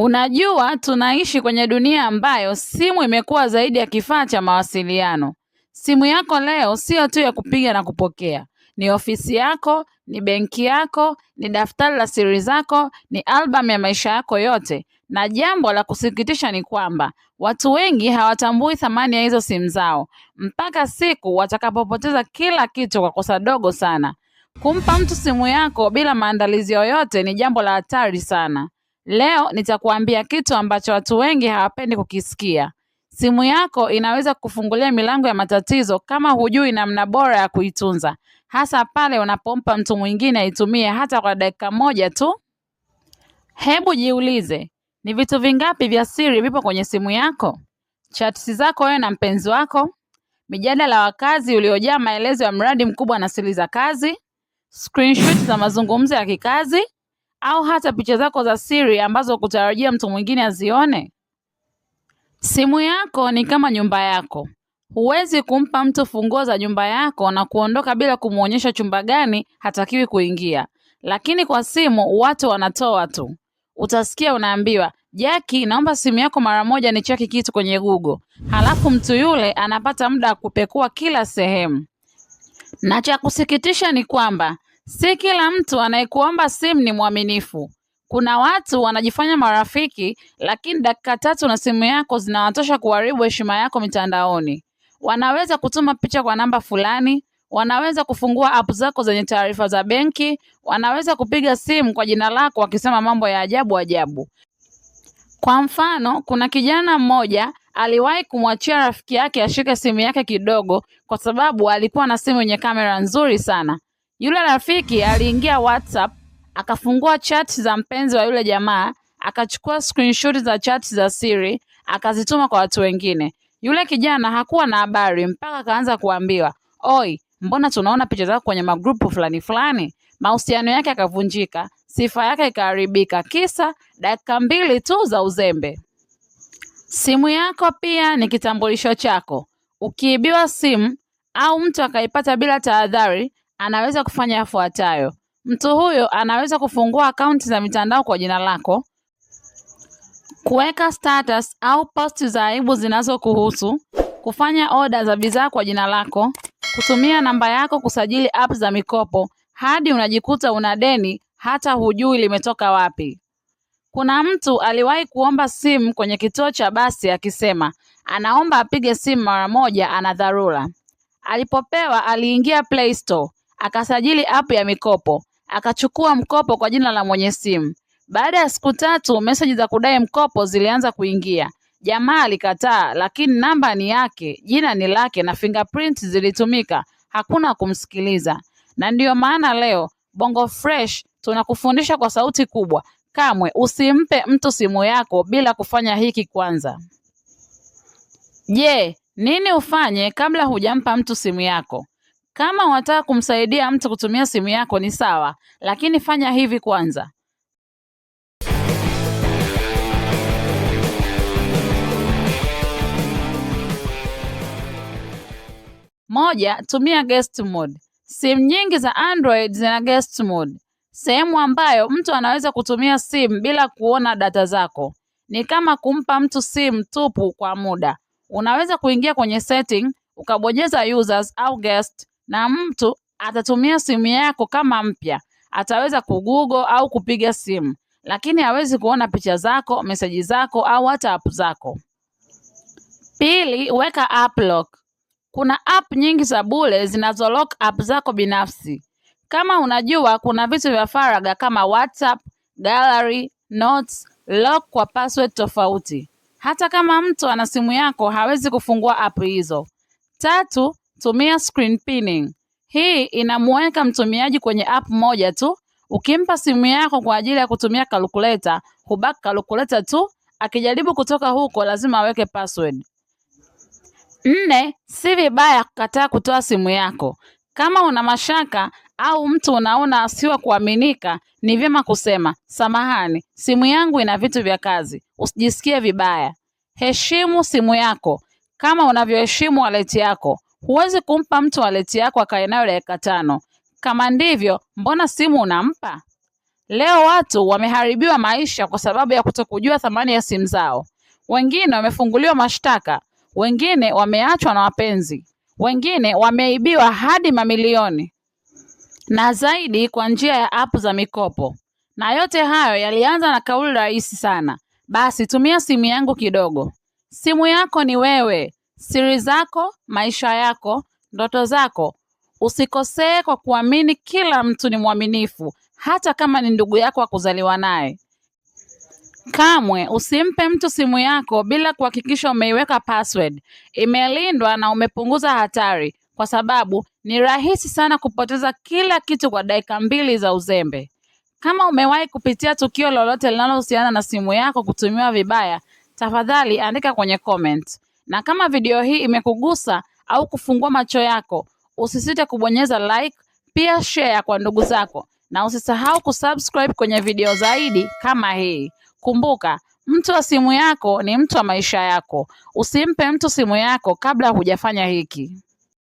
Unajua, tunaishi kwenye dunia ambayo simu imekuwa zaidi ya kifaa cha mawasiliano. Simu yako leo sio tu ya kupiga na kupokea, ni ofisi yako, ni benki yako, ni daftari la siri zako, ni albamu ya maisha yako yote. Na jambo la kusikitisha ni kwamba watu wengi hawatambui thamani ya hizo simu zao mpaka siku watakapopoteza kila kitu kwa kosa dogo sana. Kumpa mtu simu yako bila maandalizi yoyote ni jambo la hatari sana. Leo nitakuambia kitu ambacho watu wengi hawapendi kukisikia. Simu yako inaweza kufungulia milango ya matatizo kama hujui namna bora ya kuitunza, hasa pale unapompa mtu mwingine aitumie hata kwa dakika moja tu. Hebu jiulize, ni vitu vingapi vya siri vipo kwenye simu yako? Chats zako wewe na mpenzi wako, mijadala wa kazi uliojaa maelezo ya mradi mkubwa na siri za kazi, screenshot za mazungumzo ya kikazi au hata picha zako za siri ambazo kutarajia mtu mwingine azione? Simu yako ni kama nyumba yako. Huwezi kumpa mtu funguo za nyumba yako na kuondoka bila kumwonyesha chumba gani hatakiwi kuingia, lakini kwa simu watu wanatoa tu. Utasikia unaambiwa Jaki, naomba simu yako mara moja nicheki kitu kwenye Google. Halafu mtu yule anapata muda wa kupekua kila sehemu, na cha kusikitisha ni kwamba Si kila mtu anayekuomba simu ni mwaminifu. Kuna watu wanajifanya marafiki, lakini dakika tatu na simu yako zinawatosha kuharibu heshima yako mitandaoni. Wanaweza kutuma picha kwa namba fulani, wanaweza kufungua app zako zenye taarifa za benki, wanaweza kupiga simu kwa jina lako wakisema mambo ya ajabu ajabu. Kwa mfano, kuna kijana mmoja aliwahi kumwachia rafiki yake ashike simu yake kidogo, kwa sababu alikuwa na simu yenye kamera nzuri sana. Yule rafiki aliingia WhatsApp akafungua chat za mpenzi wa yule jamaa akachukua screenshot za chat za siri akazituma kwa watu wengine. Yule kijana hakuwa na habari mpaka akaanza kuambiwa, oi, mbona tunaona picha zako kwenye magrupu fulani fulani. Mahusiano yake akavunjika, sifa yake ikaharibika, kisa dakika mbili tu za uzembe. Simu yako pia ni kitambulisho chako. Ukiibiwa simu au mtu akaipata bila tahadhari, anaweza kufanya yafuatayo. Mtu huyo anaweza kufungua akaunti za mitandao kwa jina lako, kuweka status au posti za aibu zinazokuhusu, kufanya oda za bidhaa kwa jina lako, kutumia namba yako kusajili app za mikopo hadi unajikuta una deni hata hujui limetoka wapi. Kuna mtu aliwahi kuomba simu kwenye kituo cha basi akisema anaomba apige simu mara moja, ana dharura. Alipopewa aliingia Play Store akasajili app ya mikopo, akachukua mkopo kwa jina la mwenye simu. Baada ya siku tatu, meseji za kudai mkopo zilianza kuingia. Jamaa alikataa, lakini namba ni yake, jina ni lake na fingerprint zilitumika. Hakuna kumsikiliza, na ndiyo maana leo Bongo Fresh tunakufundisha kwa sauti kubwa, kamwe usimpe mtu simu yako bila kufanya hiki kwanza. Je, nini ufanye kabla hujampa mtu simu yako? Kama unataka kumsaidia mtu kutumia simu yako ni sawa, lakini fanya hivi kwanza. Moja, tumia guest mode. Simu nyingi za Android zina guest mode, sehemu ambayo mtu anaweza kutumia simu bila kuona data zako. Ni kama kumpa mtu simu tupu kwa muda. Unaweza kuingia kwenye setting ukabonyeza users au guest na mtu atatumia simu yako kama mpya. Ataweza kugoogle au kupiga simu, lakini hawezi kuona picha zako, meseji zako au hata app zako. Pili, weka app lock. Kuna app nyingi za bure lock app zako binafsi. Kama unajua kuna vitu vya faragha kama WhatsApp, gallery, notes, lock kwa password tofauti. Hata kama mtu ana simu yako hawezi kufungua app hizo. Tatu, Tumia screen pinning. Hii inamuweka mtumiaji kwenye app moja tu. Ukimpa simu yako kwa ajili ya kutumia calculator, hubaki calculator tu. Akijaribu kutoka huko, lazima aweke password. Nne, si vibaya kukataa kutoa simu yako. Kama una mashaka au mtu unaona asiwa kuaminika, ni vyema kusema samahani, simu yangu ina vitu vya kazi. Usijisikie vibaya. Heshimu simu yako kama unavyoheshimu waleti yako. Huwezi kumpa mtu waleti yako akae nayo dakika tano. Kama ndivyo, mbona simu unampa? Leo watu wameharibiwa maisha kwa sababu ya kutokujua thamani ya simu zao. Wengine wamefunguliwa mashtaka, wengine wameachwa na wapenzi, wengine wameibiwa hadi mamilioni, na zaidi kwa njia ya apu za mikopo. Na yote hayo yalianza na kauli rahisi sana, basi tumia simu yangu kidogo. Simu yako ni wewe siri zako, maisha yako, ndoto zako. Usikosee kwa kuamini kila mtu ni mwaminifu, hata kama ni ndugu yako wa kuzaliwa naye. Kamwe usimpe mtu simu yako bila kuhakikisha umeiweka password, imelindwa na umepunguza hatari, kwa sababu ni rahisi sana kupoteza kila kitu kwa dakika mbili za uzembe. Kama umewahi kupitia tukio lolote linalohusiana na simu yako kutumiwa vibaya, tafadhali andika kwenye comment na kama video hii imekugusa au kufungua macho yako, usisite kubonyeza like, pia share kwa ndugu zako, na usisahau kusubscribe kwenye video zaidi kama hii. Kumbuka, mtu wa simu yako ni mtu wa maisha yako. Usimpe mtu simu yako kabla hujafanya hiki.